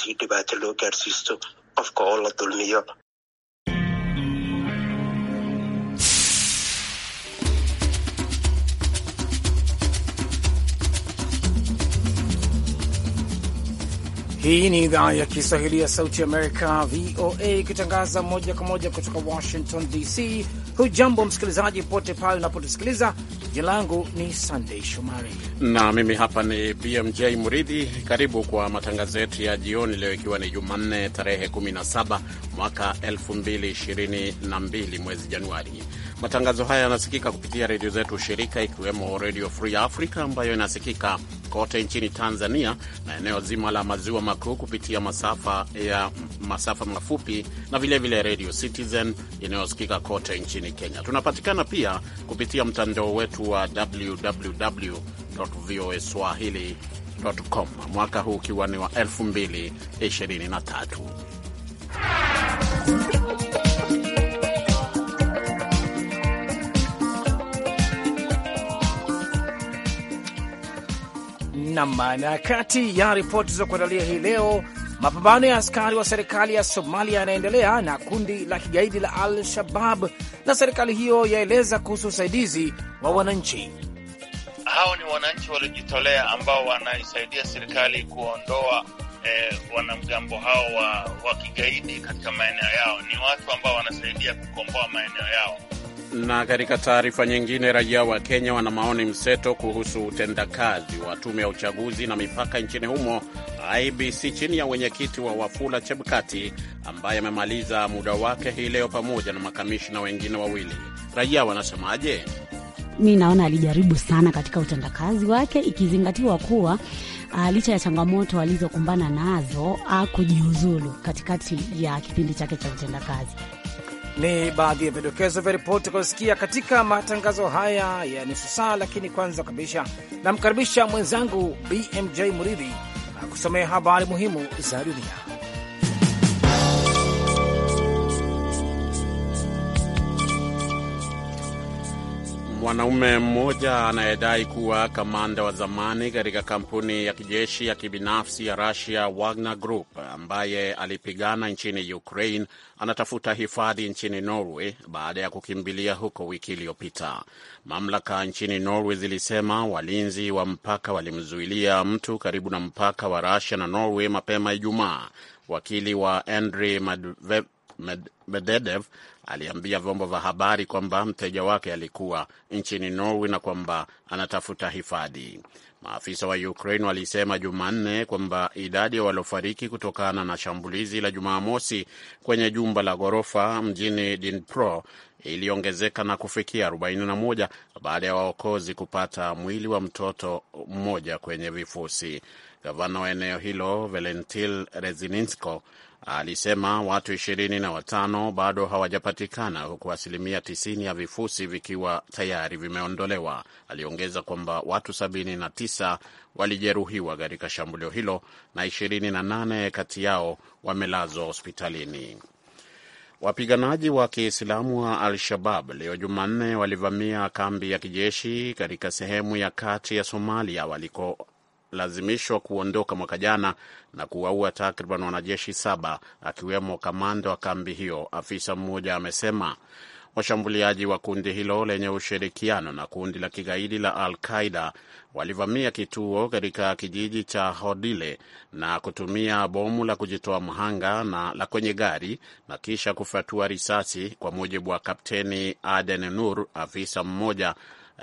si dhibaato loo gaarsiisto qofka oo la dulmiyo Hii ni idhaa ya Kiswahili ya Sauti Amerika, VOA, ikitangaza moja kwa moja kutoka Washington DC. Hujambo msikilizaji pote pale unapotusikiliza. Jina langu ni Sandei Shomari na mimi hapa ni BMJ Muridhi. Karibu kwa matangazo yetu ya jioni leo, ikiwa ni Jumanne tarehe 17 mwaka 2022 mwezi Januari. Matangazo haya yanasikika kupitia redio zetu shirika, ikiwemo Redio Free Africa ambayo inasikika kote nchini Tanzania na eneo zima la maziwa makuu kupitia masafa ya masafa mafupi na vilevile Redio Citizen inayosikika kote nchini Kenya. Tunapatikana pia kupitia mtandao wetu wa www voa swahili.com, mwaka huu ukiwa ni wa 2023. Nam. Na kati ya ripoti za kuandalia hii leo, mapambano ya askari wa serikali ya Somalia yanaendelea na kundi la kigaidi la Al-Shabab, na serikali hiyo yaeleza kuhusu usaidizi wa wananchi hao. Ni wananchi waliojitolea ambao wanaisaidia serikali kuondoa eh, wanamgambo hao wa, wa kigaidi katika maeneo yao. Ni watu ambao wanasaidia kukomboa maeneo yao. Na katika taarifa nyingine, raia wa Kenya wana maoni mseto kuhusu utendakazi wa tume ya uchaguzi na mipaka nchini humo IBC chini ya wenyekiti wa Wafula Chebukati ambaye amemaliza muda wake hii leo pamoja na makamishna wengine wawili. Raia wanasemaje? Mi naona alijaribu sana katika utendakazi wake ikizingatiwa kuwa uh, licha ya changamoto alizokumbana nazo akujiuzulu katikati ya kipindi chake cha utendakazi. Ni baadhi ya vidokezo vya ripoti kusikia katika matangazo haya ya nusu saa, lakini kwanza kabisa namkaribisha mwenzangu BMJ Muridhi akusomea habari muhimu za dunia. Mwanaume mmoja anayedai kuwa kamanda wa zamani katika kampuni ya kijeshi ya kibinafsi ya Russia Wagner Group ambaye alipigana nchini Ukraine anatafuta hifadhi nchini Norway baada ya kukimbilia huko wiki iliyopita. Mamlaka nchini Norway zilisema walinzi wa mpaka walimzuilia mtu karibu na mpaka wa Russia na Norway mapema Ijumaa. Wakili wa Andrei Medvedev Medvedev aliambia vyombo vya habari kwamba mteja wake alikuwa nchini Norway na kwamba anatafuta hifadhi. Maafisa wa Ukraine walisema Jumanne kwamba idadi ya waliofariki kutokana na shambulizi la Jumamosi kwenye jumba la ghorofa mjini Dnipro iliongezeka na kufikia 41 baada ya waokozi kupata mwili wa mtoto mmoja kwenye vifusi. Gavana wa eneo hilo Valentil Rezininsko alisema watu ishirini na watano bado hawajapatikana huku asilimia tisini ya vifusi vikiwa tayari vimeondolewa. Aliongeza kwamba watu sabini na tisa walijeruhiwa katika shambulio hilo na ishirini na nane kati yao wamelazwa hospitalini. Wapiganaji wa Kiislamu wa Al-Shabab leo Jumanne walivamia kambi ya kijeshi katika sehemu ya kati ya Somalia waliko lazimishwa kuondoka mwaka jana na kuwaua takriban wanajeshi saba akiwemo kamanda wa kambi hiyo, afisa mmoja amesema. Washambuliaji wa kundi hilo lenye ushirikiano na kundi la kigaidi la Al Qaida walivamia kituo katika kijiji cha Hodile na kutumia bomu la kujitoa mhanga na la kwenye gari na kisha kufatua risasi, kwa mujibu wa Kapteni Aden Nur, afisa mmoja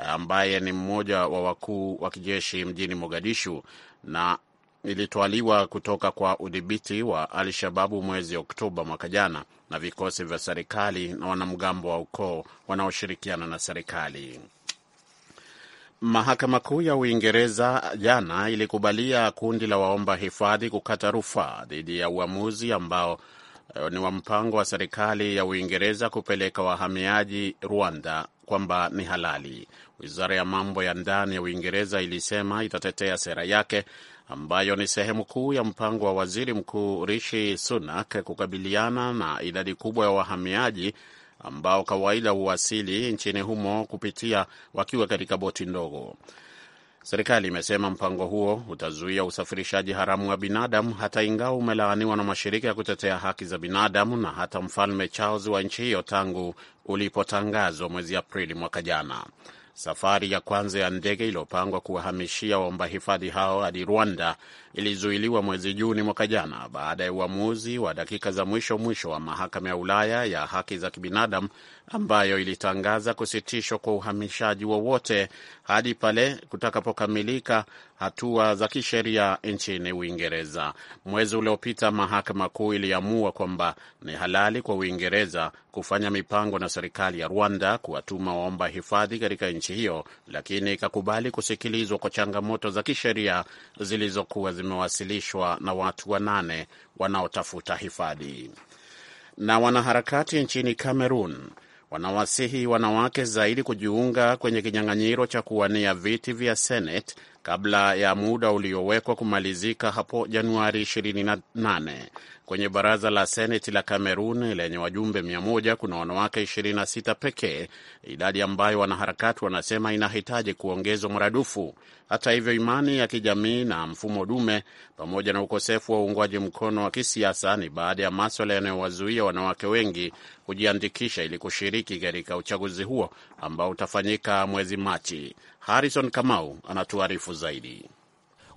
ambaye ni mmoja wa wakuu wa kijeshi mjini Mogadishu na ilitwaliwa kutoka kwa udhibiti wa Al Shababu mwezi Oktoba mwaka jana na vikosi vya serikali na wanamgambo wa ukoo wanaoshirikiana na serikali. Mahakama Kuu ya Uingereza jana ilikubalia kundi la waomba hifadhi kukata rufaa dhidi ya uamuzi ambao eh, ni wa mpango wa serikali ya Uingereza kupeleka wahamiaji Rwanda kwamba ni halali. Wizara ya mambo ya ndani ya Uingereza ilisema itatetea sera yake ambayo ni sehemu kuu ya mpango wa waziri mkuu Rishi Sunak kukabiliana na idadi kubwa ya wahamiaji ambao kawaida huwasili nchini humo kupitia wakiwa katika boti ndogo. Serikali imesema mpango huo utazuia usafirishaji haramu wa binadamu, hata ingawa umelaaniwa na mashirika ya kutetea haki za binadamu na hata Mfalme Charles wa nchi hiyo tangu ulipotangazwa mwezi Aprili mwaka jana. Safari ya kwanza ya ndege iliyopangwa kuwahamishia waomba hifadhi hao hadi Rwanda ilizuiliwa mwezi Juni mwaka jana baada ya uamuzi wa dakika za mwisho mwisho wa mahakama ya Ulaya ya haki za kibinadamu ambayo ilitangaza kusitishwa kwa uhamishaji wowote hadi pale kutakapokamilika hatua za kisheria nchini Uingereza. Mwezi uliopita, mahakama kuu iliamua kwamba ni halali kwa Uingereza kufanya mipango na serikali ya Rwanda kuwatuma waomba hifadhi katika nchi hiyo, lakini ikakubali kusikilizwa kwa changamoto za kisheria zilizokuwa limewasilishwa na watu wanane wanaotafuta hifadhi. Na wanaharakati nchini Cameroon wanawasihi wanawake zaidi kujiunga kwenye kinyang'anyiro cha kuwania viti vya Senate kabla ya muda uliowekwa kumalizika hapo Januari 28. Kwenye baraza la seneti la Kamerun lenye wajumbe 100 kuna wanawake 26 pekee, idadi ambayo wanaharakati wanasema inahitaji kuongezwa maradufu. Hata hivyo, imani ya kijamii na mfumo dume pamoja na ukosefu wa uungwaji mkono wa kisiasa ni baadhi ya maswala yanayowazuia wanawake wengi kujiandikisha ili kushiriki katika uchaguzi huo ambao utafanyika mwezi Machi. Harrison Kamau anatuarifu zaidi.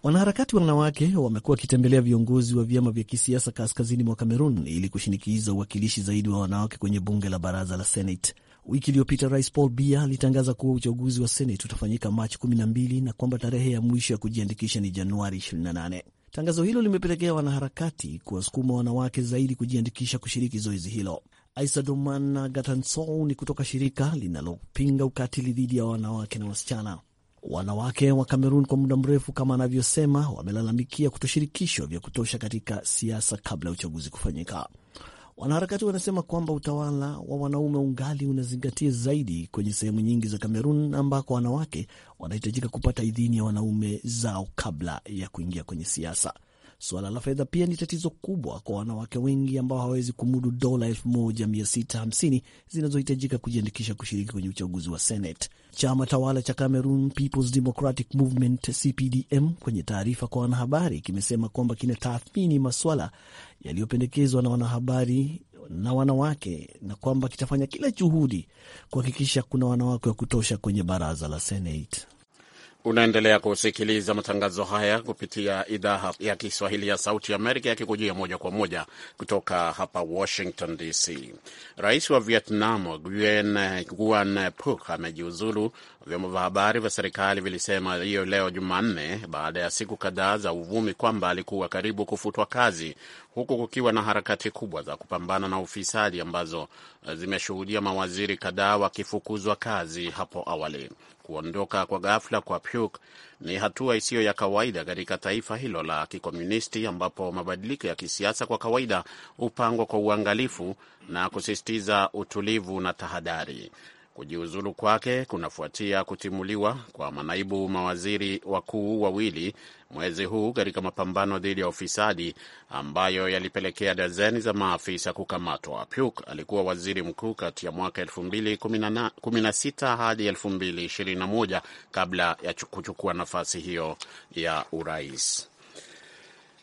Wanaharakati wanawake wamekuwa wakitembelea viongozi wa vyama vya kisiasa kaskazini mwa Kamerun ili kushinikiza uwakilishi zaidi wa wanawake kwenye bunge la baraza la Senate. Wiki iliyopita Rais Paul Biya alitangaza kuwa uchaguzi wa Senate utafanyika Machi 12 na kwamba tarehe ya mwisho ya kujiandikisha ni Januari 28. Tangazo hilo limepelekea wanaharakati kuwasukuma wanawake zaidi kujiandikisha kushiriki zoezi hilo. Aisadomana Gatansou ni kutoka shirika linalopinga ukatili dhidi ya wanawake na wasichana. Wanawake wa Kamerun kwa muda mrefu, kama anavyosema, wamelalamikia kutoshirikishwa vya kutosha katika siasa kabla ya uchaguzi kufanyika. Wanaharakati wanasema kwamba utawala wa wanaume ungali unazingatia zaidi kwenye sehemu nyingi za Kamerun ambako wanawake wanahitajika kupata idhini ya wanaume zao kabla ya kuingia kwenye siasa. Suala la fedha pia ni tatizo kubwa kwa wanawake wengi ambao hawawezi kumudu dola 1650 zinazohitajika kujiandikisha kushiriki kwenye uchaguzi wa Senate. Chama tawala cha Cameroon People's Democratic Movement CPDM kwenye taarifa kwa wanahabari kimesema kwamba kinatathmini maswala yaliyopendekezwa na wanahabari na wanawake na kwamba kitafanya kila juhudi kuhakikisha kuna wanawake wa kutosha kwenye baraza la Senate. Unaendelea kusikiliza matangazo haya kupitia idhaa ya Kiswahili ya Sauti Amerika yakikujia moja kwa moja kutoka hapa Washington DC. Rais wa Vietnam Guan Puk amejiuzulu, vyombo vya habari vya serikali vilisema hiyo leo Jumanne, baada ya siku kadhaa za uvumi kwamba alikuwa karibu kufutwa kazi, huku kukiwa na harakati kubwa za kupambana na ufisadi ambazo zimeshuhudia mawaziri kadhaa wakifukuzwa kazi hapo awali. Kuondoka kwa ghafla kwa puk ni hatua isiyo ya kawaida katika taifa hilo la kikomunisti, ambapo mabadiliko ya kisiasa kwa kawaida hupangwa kwa uangalifu na kusisitiza utulivu na tahadhari. Kujiuzulu kwake kunafuatia kutimuliwa kwa manaibu mawaziri wakuu wawili mwezi huu katika mapambano dhidi ya ufisadi ambayo yalipelekea dazeni za maafisa kukamatwa. puk alikuwa waziri mkuu kati ya mwaka 2016 hadi 2021 kabla ya kuchukua nafasi hiyo ya urais.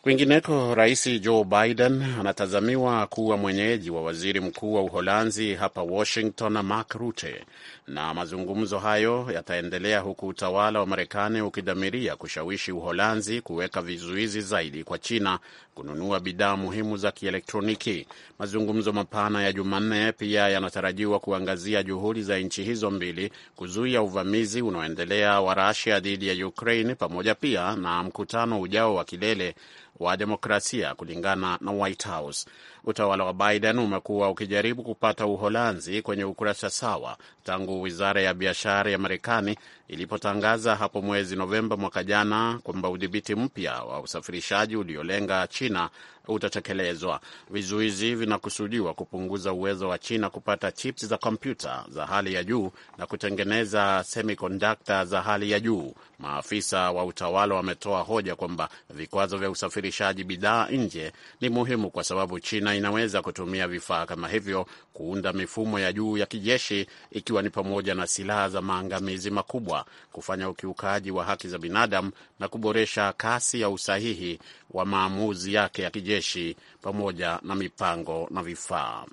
Kwingineko, Rais Joe Biden anatazamiwa kuwa mwenyeji wa waziri mkuu wa Uholanzi hapa Washington, Mark Rutte, na mazungumzo hayo yataendelea huku utawala wa Marekani ukidhamiria kushawishi Uholanzi kuweka vizuizi zaidi kwa China kununua bidhaa muhimu za kielektroniki. Mazungumzo mapana ya Jumanne pia yanatarajiwa kuangazia juhudi za nchi hizo mbili kuzuia uvamizi unaoendelea wa Rasia dhidi ya Ukraine, pamoja pia na mkutano ujao wa kilele wa demokrasia kulingana na White House. Utawala wa Biden umekuwa ukijaribu kupata Uholanzi kwenye ukurasa sawa tangu wizara ya biashara ya Marekani ilipotangaza hapo mwezi Novemba mwaka jana kwamba udhibiti mpya wa usafirishaji uliolenga China utatekelezwa. Vizuizi vinakusudiwa kupunguza uwezo wa China kupata chips za kompyuta za hali ya juu na kutengeneza semikondakta za hali ya juu. Maafisa wa utawala wametoa hoja kwamba vikwazo vya usafirishaji bidhaa nje ni muhimu kwa sababu China na inaweza kutumia vifaa kama hivyo kuunda mifumo ya juu ya kijeshi, ikiwa ni pamoja na silaha za maangamizi makubwa, kufanya ukiukaji wa haki za binadamu na kuboresha kasi ya usahihi wa maamuzi yake ya kijeshi, pamoja na mipango na vifaa.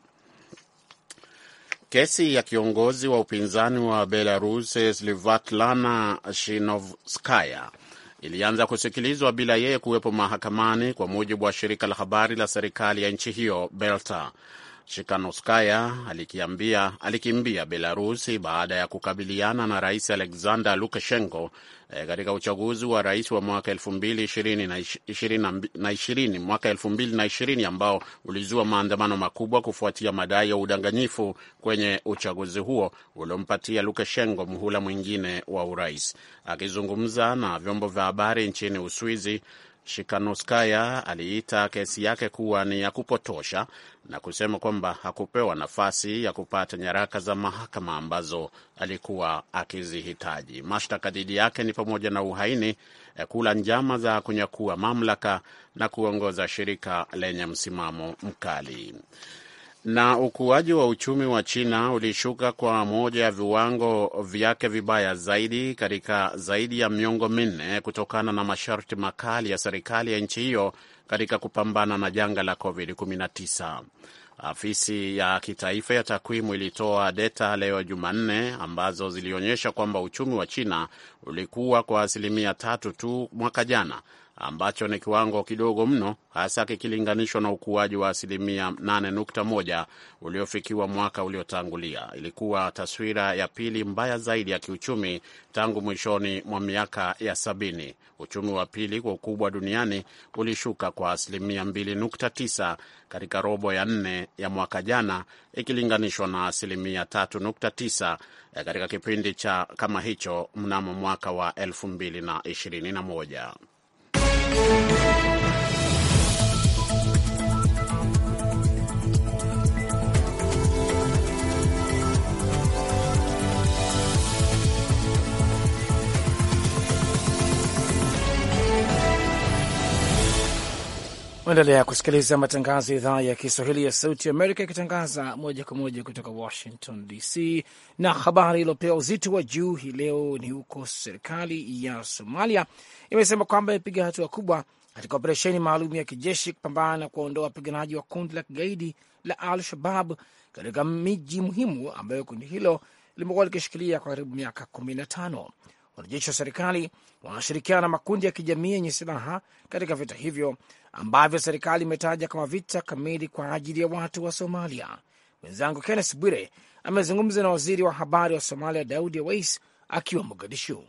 Kesi ya kiongozi wa upinzani wa Belarus slivatlana Shinovskaya ilianza kusikilizwa bila yeye kuwepo mahakamani, kwa mujibu wa shirika la habari la serikali ya nchi hiyo Belta. Shikanoskaya alikiambia, alikimbia Belarusi baada ya kukabiliana na Rais Alexander Lukashenko eh, katika uchaguzi wa rais wa mwaka 2020 mwaka 2020 ambao ulizua maandamano makubwa kufuatia madai ya udanganyifu kwenye uchaguzi huo uliompatia Lukashenko muhula mwingine wa urais. Akizungumza na vyombo vya habari nchini Uswizi, Shikanoskaya aliita kesi yake kuwa ni ya kupotosha na kusema kwamba hakupewa nafasi ya kupata nyaraka za mahakama ambazo alikuwa akizihitaji. Mashtaka dhidi yake ni pamoja na uhaini, eh, kula njama za kunyakua mamlaka na kuongoza shirika lenye msimamo mkali na ukuaji wa uchumi wa China ulishuka kwa moja ya viwango vyake vibaya zaidi katika zaidi ya miongo minne kutokana na masharti makali ya serikali ya nchi hiyo katika kupambana na janga la COVID-19. Afisi ya kitaifa ya takwimu ilitoa data leo Jumanne ambazo zilionyesha kwamba uchumi wa China ulikuwa kwa asilimia tatu tu mwaka jana, ambacho ni kiwango kidogo mno hasa kikilinganishwa na ukuaji wa asilimia 8.1 uliofikiwa mwaka uliotangulia. Ilikuwa taswira ya pili mbaya zaidi ya kiuchumi tangu mwishoni mwa miaka ya sabini. Uchumi wa pili kwa ukubwa duniani ulishuka kwa asilimia 2.9 katika robo ya nne ya mwaka jana ikilinganishwa na asilimia 3.9 katika kipindi cha kama hicho mnamo mwaka wa 2021. Música Endelea kusikiliza matangazo ya idhaa ya Kiswahili ya Sauti Amerika ikitangaza moja kwa moja kutoka Washington DC. Na habari iliyopewa uzito wa juu hii leo ni huko, serikali ya Somalia imesema kwamba imepiga hatua kubwa katika operesheni maalum ya kijeshi kupambana na kuwaondoa wapiganaji wa kundi la kigaidi la Al-Shabab katika miji muhimu ambayo kundi hilo limekuwa likishikilia kwa karibu miaka 15. Wanajeshi wa serikali wanashirikiana na makundi ya kijamii yenye silaha katika vita hivyo ambavyo serikali imetaja kama vita kamili kwa ajili ya watu wa Somalia. Mwenzangu Kennes Bwire amezungumza na waziri wa habari wa Somalia Daudi Weis akiwa Mogadishu.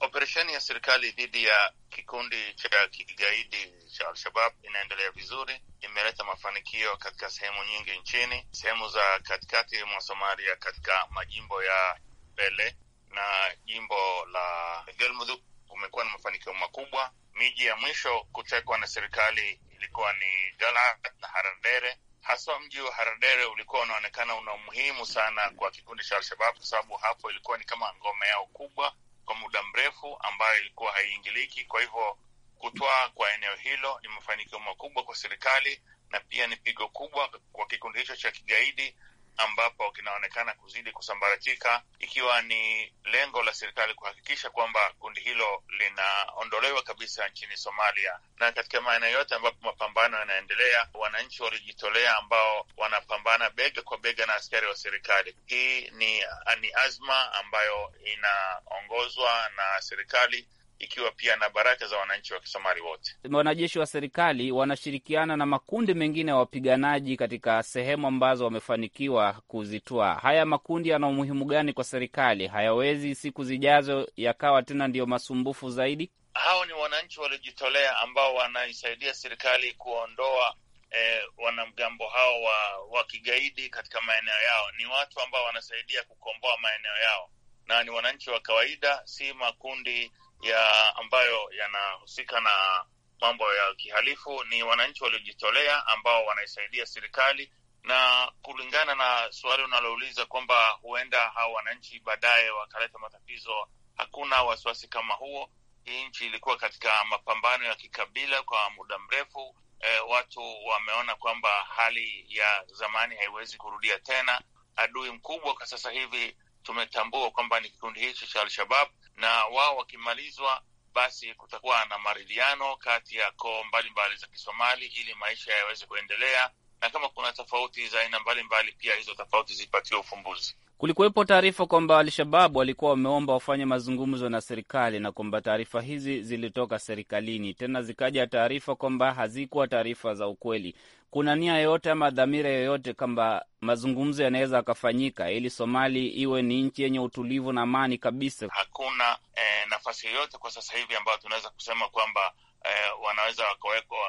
Operesheni ya serikali dhidi ya kikundi cha kigaidi cha Al-Shabab inaendelea vizuri, imeleta mafanikio katika sehemu nyingi nchini, sehemu za katikati mwa Somalia, katika majimbo ya Bele na jimbo la Galmudug kumekuwa na mafanikio makubwa Miji ya mwisho kutekwa na serikali ilikuwa ni Galhat na Haradere. Haswa mji wa Haradere ulikuwa unaonekana una umuhimu sana kwa kikundi cha Al-Shabab kwa sababu hapo ilikuwa ni kama ngome yao kubwa kwa muda mrefu, ambayo ilikuwa haiingiliki. Kwa hivyo kutwaa kwa eneo hilo ni mafanikio makubwa kwa serikali na pia ni pigo kubwa kwa kikundi hicho cha kigaidi ambapo kinaonekana kuzidi kusambaratika, ikiwa ni lengo la serikali kuhakikisha kwamba kundi hilo linaondolewa kabisa nchini Somalia. Na katika maeneo yote ambapo mapambano yanaendelea, wananchi walijitolea ambao wanapambana bega kwa bega na askari wa serikali. Hii ni, ni azma ambayo inaongozwa na serikali ikiwa pia na baraka za wananchi wa Kisomali wote. Wanajeshi wa serikali wanashirikiana na makundi mengine ya wapiganaji katika sehemu ambazo wamefanikiwa kuzitwaa. Haya makundi yana umuhimu gani kwa serikali? Hayawezi siku zijazo yakawa tena ndiyo masumbufu zaidi? Hao ni wananchi waliojitolea ambao wanaisaidia serikali kuondoa eh, wanamgambo hao wa, wa kigaidi katika maeneo yao. Ni watu ambao wanasaidia kukomboa maeneo yao, na ni wananchi wa kawaida, si makundi ya ambayo yanahusika na mambo ya kihalifu ni wananchi waliojitolea ambao wanaisaidia serikali, na kulingana na suali unalouliza kwamba huenda hawa wananchi baadaye wakaleta matatizo, hakuna wasiwasi kama huo. Hii nchi ilikuwa katika mapambano ya kikabila kwa muda mrefu. E, watu wameona kwamba hali ya zamani haiwezi kurudia tena. Adui mkubwa kwa sasa hivi tumetambua kwamba ni kikundi hichi cha Al-Shabab na wao wakimalizwa, basi kutakuwa na maridhiano kati ya koo mbalimbali za Kisomali ili maisha yaweze kuendelea, na kama kuna tofauti za aina mbalimbali, pia hizo tofauti zipatiwe ufumbuzi. Kulikuwepo taarifa kwamba Al-Shababu walikuwa wameomba wafanye mazungumzo na serikali na kwamba taarifa hizi zilitoka serikalini. Tena zikaja taarifa kwamba hazikuwa taarifa za ukweli. Kuna nia yoyote ama dhamira yoyote kwamba mazungumzo yanaweza akafanyika ili Somali iwe ni nchi yenye utulivu na amani kabisa? Hakuna eh, nafasi yoyote kwa sasa hivi ambayo tunaweza kusema kwamba eh, wanaweza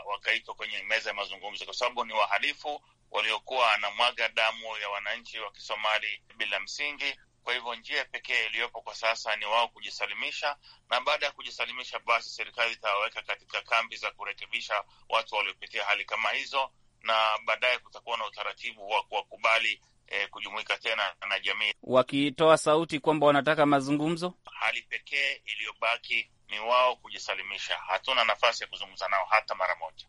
wakaitwa kwenye meza ya mazungumzo, kwa sababu ni wahalifu waliokuwa wanamwaga damu ya wananchi wa Kisomali bila msingi. Kwa hivyo njia pekee iliyopo kwa sasa ni wao kujisalimisha, na baada ya kujisalimisha, basi serikali itawaweka katika kambi za kurekebisha watu waliopitia hali kama hizo, na baadaye kutakuwa na utaratibu wa kuwakubali eh, kujumuika tena na jamii, wakitoa sauti kwamba wanataka mazungumzo. Hali pekee iliyobaki ni wao kujisalimisha. Hatuna nafasi ya kuzungumza nao hata mara moja.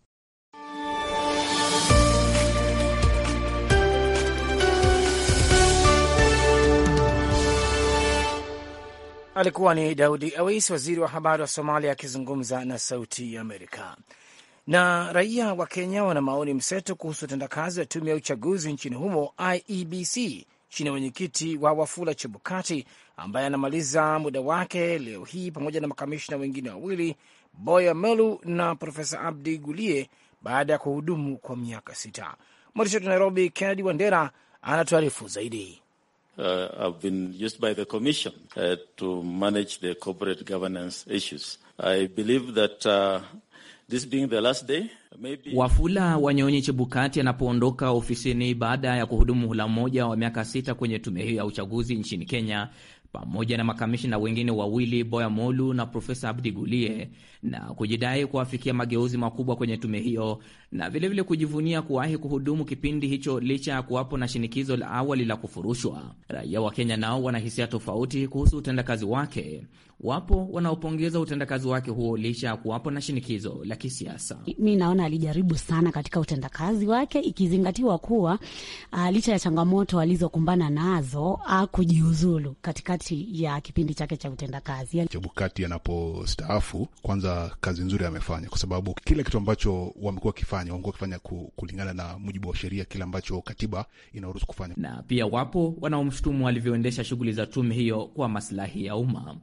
Alikuwa ni Daudi Awis, waziri wa habari wa Somalia, akizungumza na Sauti ya Amerika. Na raia wa Kenya wana maoni mseto kuhusu utendakazi wa tume ya uchaguzi nchini humo IEBC chini ya mwenyekiti wa Wafula Chebukati ambaye anamaliza muda wake leo hii pamoja na makamishna wengine wawili Boya Melu na Profesa Abdi Gulie baada ya kuhudumu kwa miaka sita. Mwandishi wetu Nairobi, Kennedy Wandera anatuarifu zaidi. Uh, Wafula Wanyonyi Chebukati anapoondoka ofisini baada ya kuhudumu hula mmoja wa miaka sita kwenye tume hiyo ya uchaguzi nchini Kenya, pamoja na makamishina wengine wawili Boya Molu na Profesa Abdi Gulie, na kujidai kuafikia mageuzi makubwa kwenye tume hiyo na vilevile vile kujivunia kuwahi kuhudumu kipindi hicho licha ya kuwapo na shinikizo la awali la kufurushwa. Raia wa Kenya nao wanahisia tofauti kuhusu utendakazi wake. Wapo wanaopongeza utendakazi wake huo licha ya kuwapo na shinikizo la kisiasa. Mi naona alijaribu sana katika utendakazi wake, ikizingatiwa kuwa uh, licha ya changamoto alizokumbana nazo akujiuzulu katikati ya kipindi chake cha utendakazi. Chebukati anapostaafu, kwanza kazi nzuri amefanya, kwa sababu kile kitu ambacho wamekuwa wakifanya wamekuwa wakifanya kulingana na mujibu wa sheria, kile ambacho katiba inaruhusu kufanya. Na pia wapo wanaomshutumu alivyoendesha shughuli za tume hiyo kwa maslahi ya umma.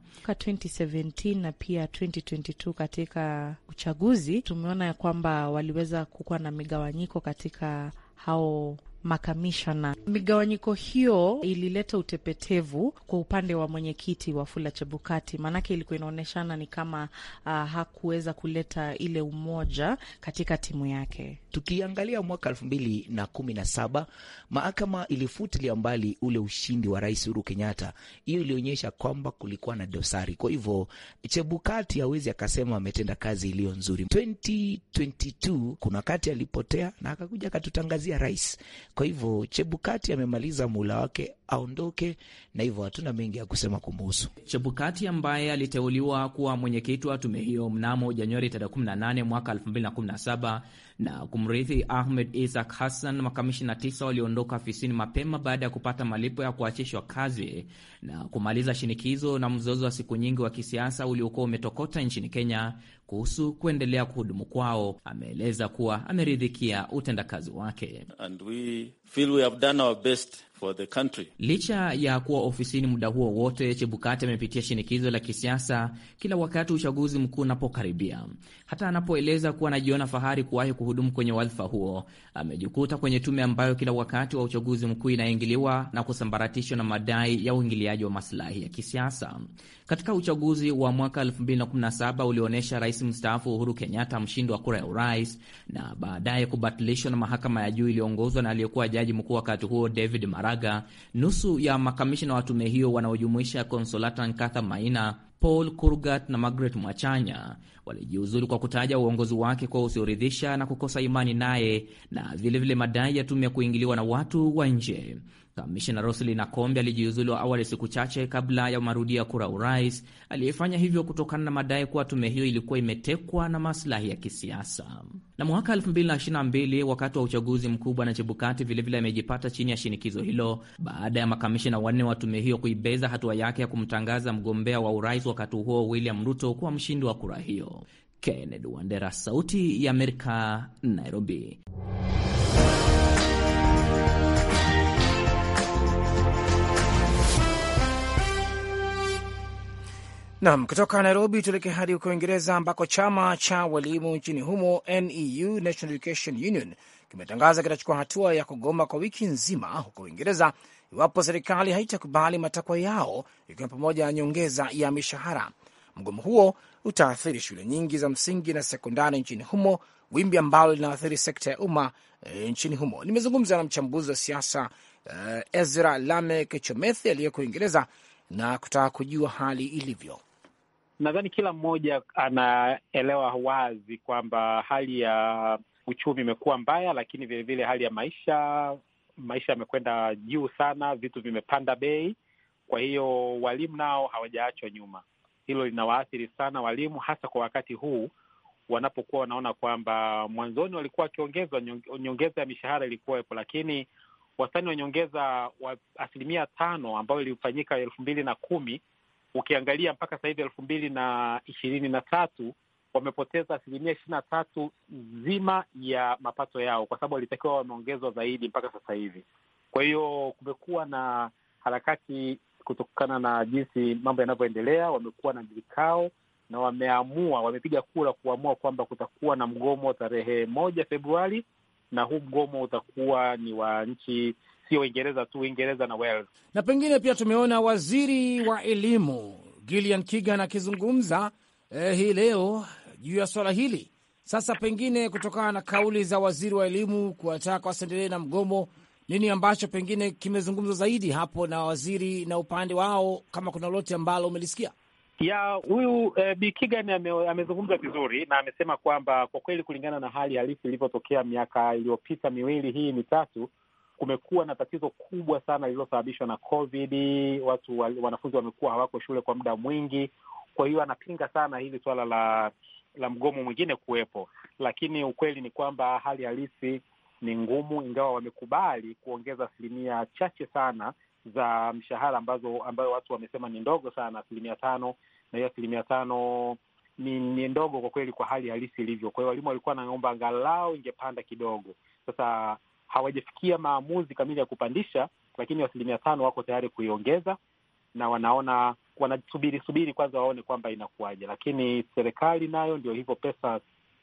2017 na pia 2022 katika uchaguzi tumeona ya kwamba waliweza kukuwa na migawanyiko katika hao makamishana. Migawanyiko hiyo ilileta utepetevu kwa upande wa mwenyekiti Wafula Chebukati, maanake ilikuwa inaonyeshana ni kama uh, hakuweza kuleta ile umoja katika timu yake. Tukiangalia mwaka elfu mbili na kumi na saba mahakama ilifutilia mbali ule ushindi wa Rais Uhuru Kenyatta. Hiyo ilionyesha kwamba kulikuwa na dosari, kwa hivyo Chebukati hawezi akasema ametenda kazi iliyo nzuri. 2022 kuna wakati alipotea na akakuja akatutangazia rais kwa hivyo Chebukati amemaliza muhula wake, aondoke, na hivyo hatuna mengi ya kusema kumuhusu Chebukati ambaye aliteuliwa kuwa mwenyekiti wa tume hiyo mnamo Januari tarehe 18 mwaka 2017 na kumrithi Ahmed Isak Hassan. Makamishina tisa waliondoka afisini mapema baada ya kupata malipo ya kuachishwa kazi na kumaliza shinikizo na mzozo wa siku nyingi wa kisiasa uliokuwa umetokota nchini Kenya kuhusu kuendelea kuhudumu kwao. Ameeleza kuwa ameridhikia utendakazi wake. And we feel we have done our best for the country. Licha ya kuwa ofisini muda huo wote, Chebukati amepitia shinikizo la kisiasa kila wakati uchaguzi mkuu unapokaribia. Hata anapoeleza kuwa anajiona fahari kuwahi kuhudumu kwenye wadhifa huo, amejikuta kwenye tume ambayo kila wakati wa uchaguzi mkuu inaingiliwa na kusambaratishwa na madai ya uingiliaji wa masilahi ya kisiasa. Katika uchaguzi wa mwaka 2017 ulioonyesha rais mstaafu Uhuru Kenyatta mshindi wa kura ya urais na baadaye kubatilishwa na mahakama ya juu iliyoongozwa na aliyekuwa jaji mkuu wakati huo David Mara Maraga, nusu ya makamishina wa tume hiyo wanaojumuisha Konsolata Nkatha Maina, Paul Kurgat na Margaret Mwachanya walijiuzulu kwa kutaja uongozi wake kwa usioridhisha na kukosa imani naye, na vilevile madai ya tume ya kuingiliwa na watu wa nje. Kamishna Roselyn Akombe alijiuzulu awali siku chache kabla ya marudio ya kura urais, aliyefanya hivyo kutokana na madai kuwa tume hiyo ilikuwa imetekwa na maslahi ya kisiasa. Na mwaka 2022 wakati wa uchaguzi mkuu, Bwana Chebukati vilevile amejipata chini ya shinikizo hilo baada ya makamishina wanne wa tume hiyo kuibeza hatua yake ya kumtangaza mgombea wa urais wakati huo William Ruto kuwa mshindi wa kura hiyo. Kennedy Wandera, Sauti ya Amerika, Nairobi. Nam, kutoka Nairobi tuelekea hadi huko Uingereza ambako chama cha walimu nchini humo NEU, National Education Union, kimetangaza kitachukua hatua ya kugoma kwa wiki nzima huko Uingereza iwapo serikali haitakubali matakwa yao, ikiwa pamoja na nyongeza ya mishahara. Mgomo huo utaathiri shule nyingi za msingi na sekondari nchini humo, wimbi ambalo linaathiri sekta ya umma e, nchini humo. Nimezungumza na mchambuzi wa siasa e, Ezra Lamek Chomethi aliyeko Uingereza na kutaka kujua hali ilivyo nadhani kila mmoja anaelewa wazi kwamba hali ya uchumi imekuwa mbaya, lakini vilevile vile hali ya maisha, maisha yamekwenda juu sana, vitu vimepanda bei. Kwa hiyo walimu nao hawajaachwa nyuma, hilo linawaathiri sana walimu, hasa kwa wakati huu wanapokuwa wanaona kwamba mwanzoni walikuwa wakiongezwa nyongeza ya mishahara ilikuwepo, lakini wastani wa nyongeza wa asilimia tano ambayo ilifanyika elfu mbili na kumi ukiangalia mpaka sasa hivi elfu mbili na ishirini na tatu wamepoteza asilimia ishirini na tatu nzima ya mapato yao, kwa sababu walitakiwa wameongezwa zaidi mpaka sasa hivi. Kwa hiyo kumekuwa na harakati kutokana na jinsi mambo yanavyoendelea, wamekuwa na vikao na wameamua, wamepiga kura kuamua kwamba kutakuwa na mgomo tarehe moja Februari, na huu mgomo utakuwa ni wa nchi sio Uingereza tu, Uingereza na Wales. Na pengine pia tumeona waziri wa elimu Gillian Keegan akizungumza eh, hii leo juu ya swala hili. Sasa pengine kutokana na kauli za waziri wa elimu kuwataka wasiendelee na mgomo, nini ambacho pengine kimezungumzwa zaidi hapo na waziri na upande wao, kama kuna lolote ambalo umelisikia? ya huyu eh, Bi amezungumza ame vizuri na amesema kwamba kwa kweli kulingana na hali halisi ilivyotokea miaka iliyopita miwili hii mitatu, kumekuwa na tatizo kubwa sana lililosababishwa na COVID. Watu wanafunzi wamekuwa hawako shule kwa muda mwingi, kwa hiyo anapinga sana hili suala la la mgomo mwingine kuwepo, lakini ukweli ni kwamba hali halisi ni ngumu, ingawa wamekubali kuongeza asilimia chache sana za mshahara ambazo ambayo watu wamesema ni ndogo sana, asilimia tano, na hiyo asilimia tano ni, ni ndogo kwa kweli kwa hali halisi ilivyo. Kwa hiyo walimu walikuwa wanaomba angalau ingepanda kidogo. Sasa hawajafikia maamuzi kamili ya kupandisha, lakini asilimia tano wako tayari kuiongeza na wanaona wanasubiri subiri kwanza waone kwamba inakuwaje. Lakini serikali nayo ndio hivyo, pesa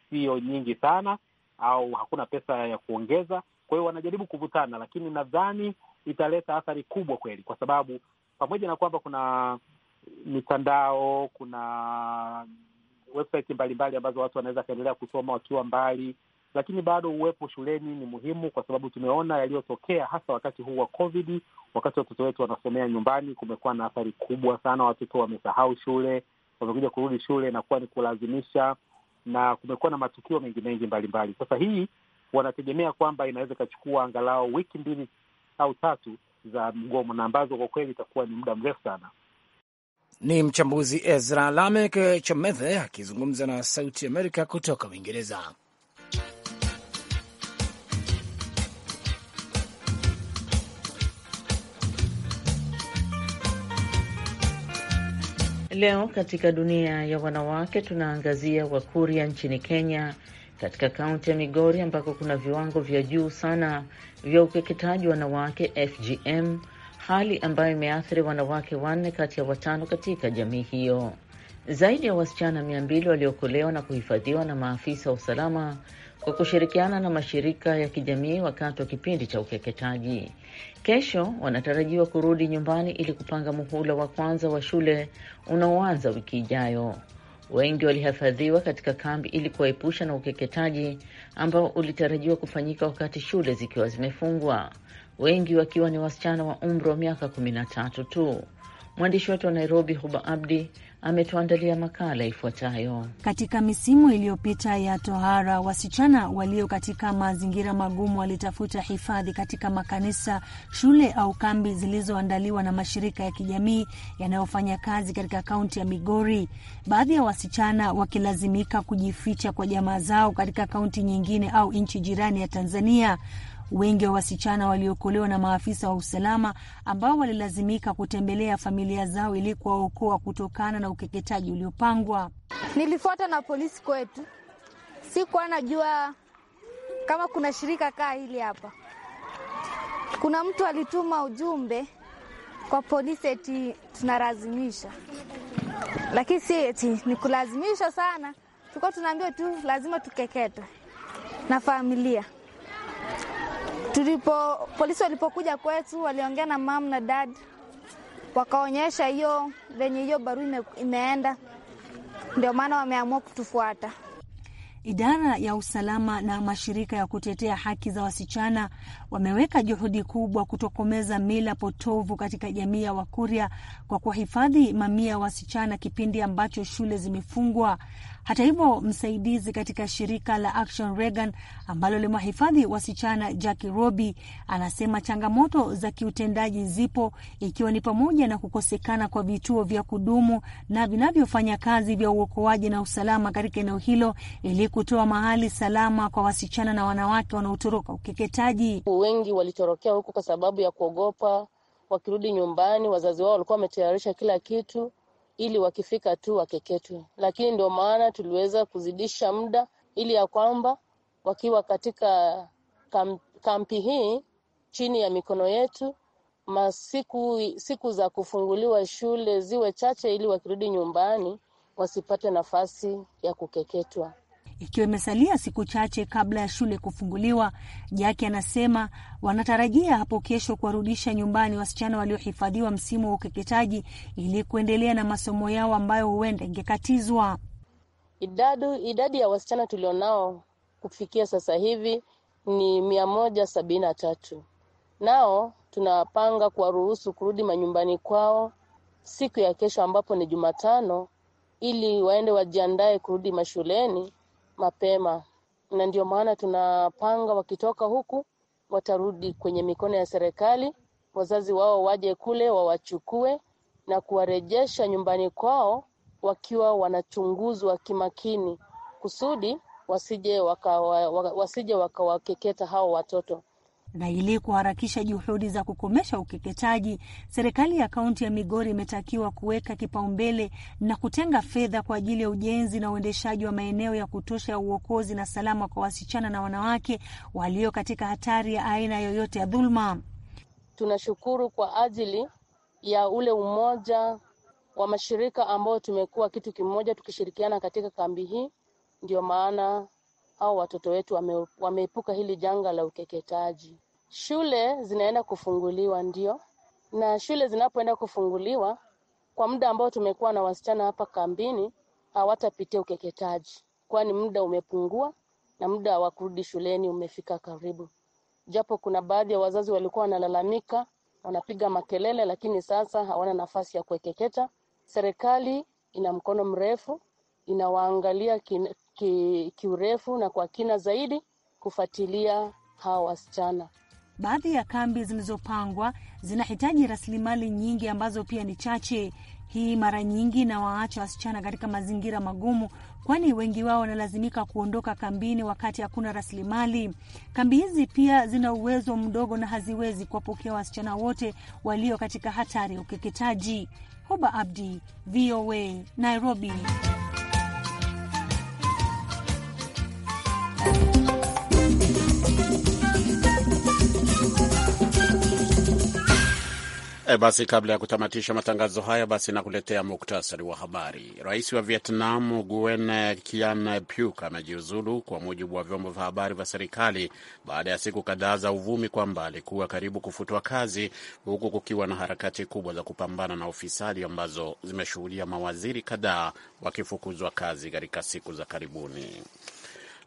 siyo nyingi sana au hakuna pesa ya kuongeza, kwa hiyo wanajaribu kuvutana, lakini nadhani italeta athari kubwa kweli, kwa sababu pamoja na kwamba kuna mitandao, kuna website mbalimbali ambazo watu wanaweza wakaendelea kusoma wakiwa mbali, lakini bado uwepo shuleni ni muhimu, kwa sababu tumeona yaliyotokea hasa wakati huu wa COVID, wakati watoto wetu wanasomea nyumbani. Kumekuwa na athari kubwa sana, watoto wamesahau shule, wamekuja kurudi shule inakuwa ni kulazimisha, na kumekuwa na matukio mengi mengi mbalimbali. Sasa hii wanategemea kwamba inaweza ikachukua angalau wiki mbili au tatu za mgomo, na ambazo kwa kweli itakuwa ni muda mrefu sana. Ni mchambuzi Ezra Lamek Chamethe akizungumza na Sauti Amerika kutoka Uingereza. Leo katika dunia ya wanawake tunaangazia Wakuria nchini Kenya, katika kaunti ya Migori ambako kuna viwango vya juu sana vya ukeketaji wanawake FGM, hali ambayo imeathiri wanawake wanne kati ya watano katika jamii hiyo. Zaidi ya wasichana mia mbili waliokolewa na kuhifadhiwa na maafisa wa usalama kwa kushirikiana na mashirika ya kijamii wakati wa kipindi cha ukeketaji. Kesho wanatarajiwa kurudi nyumbani ili kupanga muhula wa kwanza wa shule unaoanza wiki ijayo. Wengi walihifadhiwa katika kambi ili kuwaepusha na ukeketaji ambao ulitarajiwa kufanyika wakati shule zikiwa zimefungwa, wengi wakiwa ni wasichana wa umri wa miaka kumi na tatu tu. Mwandishi wetu wa Nairobi, Huba Abdi, ametuandalia makala ifuatayo. Katika misimu iliyopita ya tohara, wasichana walio katika mazingira magumu walitafuta hifadhi katika makanisa, shule au kambi zilizoandaliwa na mashirika ya kijamii yanayofanya kazi katika kaunti ya Migori. Baadhi ya wasichana wakilazimika kujificha kwa jamaa zao katika kaunti nyingine au nchi jirani ya Tanzania. Wengi wa wasichana waliokolewa na maafisa wa usalama ambao walilazimika kutembelea familia zao ili kuwaokoa kutokana na ukeketaji uliopangwa. nilifuata na polisi kwetu, sikuwa najua kama kuna shirika kaa hili hapa. Kuna mtu alituma ujumbe kwa polisi eti tunalazimisha, lakini si eti ni kulazimisha sana, tulikuwa tunaambiwa tu lazima tukeketwe na familia Tulipo polisi walipokuja kwetu, waliongea na mam na dad, wakaonyesha hiyo venye hiyo barua ime, imeenda, ndio maana wameamua kutufuata. Idara ya usalama na mashirika ya kutetea haki za wasichana wameweka juhudi kubwa kutokomeza mila potovu katika jamii ya Wakuria kwa kuwahifadhi mamia ya wasichana kipindi ambacho shule zimefungwa. Hata hivyo, msaidizi katika shirika la Action Reagan ambalo limewahifadhi wasichana Jackie Robi anasema changamoto za kiutendaji zipo, ikiwa ni pamoja na kukosekana kwa vituo vya kudumu na vinavyofanya kazi vya uokoaji na usalama katika eneo hilo ili kutoa mahali salama kwa wasichana na wanawake wanaotoroka ukeketaji. Wengi walitorokea huku kwa sababu ya kuogopa. Wakirudi nyumbani, wazazi wao walikuwa wametayarisha kila kitu ili wakifika tu wakeketwe. Lakini ndio maana tuliweza kuzidisha muda ili ya kwamba wakiwa katika kam, kampi hii chini ya mikono yetu, masiku siku za kufunguliwa shule ziwe chache ili wakirudi nyumbani wasipate nafasi ya kukeketwa ikiwa imesalia siku chache kabla ya shule kufunguliwa. Jaki anasema wanatarajia hapo kesho kuwarudisha nyumbani wasichana waliohifadhiwa msimu wa ukeketaji ili kuendelea na masomo yao ambayo huenda ingekatizwa. Idadu, idadi ya wasichana tulionao kufikia sasa hivi ni mia moja sabini na tatu. Nao tunapanga kuwaruhusu kurudi manyumbani kwao siku ya kesho ambapo ni Jumatano, ili waende wajiandae kurudi mashuleni mapema, na ndio maana tunapanga wakitoka huku watarudi kwenye mikono ya serikali, wazazi wao waje kule wawachukue na kuwarejesha nyumbani kwao wakiwa wanachunguzwa kimakini kusudi wasije wakawakeketa waka, hao watoto. Na ili kuharakisha juhudi za kukomesha ukeketaji, serikali ya kaunti ya Migori imetakiwa kuweka kipaumbele na kutenga fedha kwa ajili ya ujenzi na uendeshaji wa maeneo ya kutosha ya uokozi na salama kwa wasichana na wanawake walio katika hatari ya aina yoyote ya dhuluma. Tunashukuru kwa ajili ya ule umoja wa mashirika ambao tumekuwa kitu kimoja tukishirikiana katika kambi hii, ndio maana au watoto wetu wame, wameepuka hili janga la ukeketaji. Shule zinaenda kufunguliwa ndio, na shule zinapoenda kufunguliwa kwa muda ambao tumekuwa na wasichana hapa kambini hawatapitia ukeketaji, kwani muda umepungua na muda wa kurudi shuleni umefika karibu. Japo kuna baadhi ya wazazi walikuwa wanalalamika, wanapiga makelele, lakini sasa hawana nafasi ya kuekeketa. Serikali ina mkono mrefu inawaangalia ki, ki, kiurefu na kwa kina zaidi kufuatilia hawa wasichana. Baadhi ya kambi zilizopangwa zinahitaji rasilimali nyingi ambazo pia ni chache. Hii mara nyingi inawaacha wasichana katika mazingira magumu, kwani wengi wao wanalazimika kuondoka kambini wakati hakuna rasilimali. Kambi hizi pia zina uwezo mdogo na haziwezi kuwapokea wasichana wote walio katika hatari ya ukeketaji. Hoba Abdi, VOA, Nairobi. E, basi kabla ya kutamatisha matangazo haya, basi nakuletea muktasari wa habari. Rais wa Vietnam Nguyen Kian Phuc amejiuzulu kwa mujibu wa vyombo vya habari vya serikali baada ya siku kadhaa za uvumi kwamba alikuwa karibu kufutwa kazi, huku kukiwa na harakati kubwa za kupambana na ufisadi ambazo zimeshuhudia mawaziri kadhaa wakifukuzwa kazi katika siku za karibuni.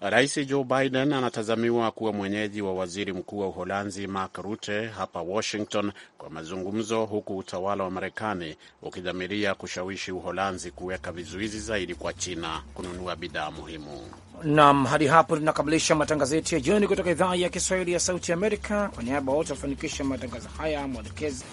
Rais Joe Biden anatazamiwa kuwa mwenyeji wa waziri mkuu wa Uholanzi Mark Rutte hapa Washington kwa mazungumzo, huku utawala wa Marekani ukidhamiria kushawishi Uholanzi kuweka vizuizi zaidi kwa China kununua bidhaa muhimu. Nam, hadi hapo tunakamilisha matangazo yetu ya jioni kutoka idhaa ya Kiswahili ya Sauti Amerika. Kwa niaba ya wote wafanikisha matangazo haya, mwelekezi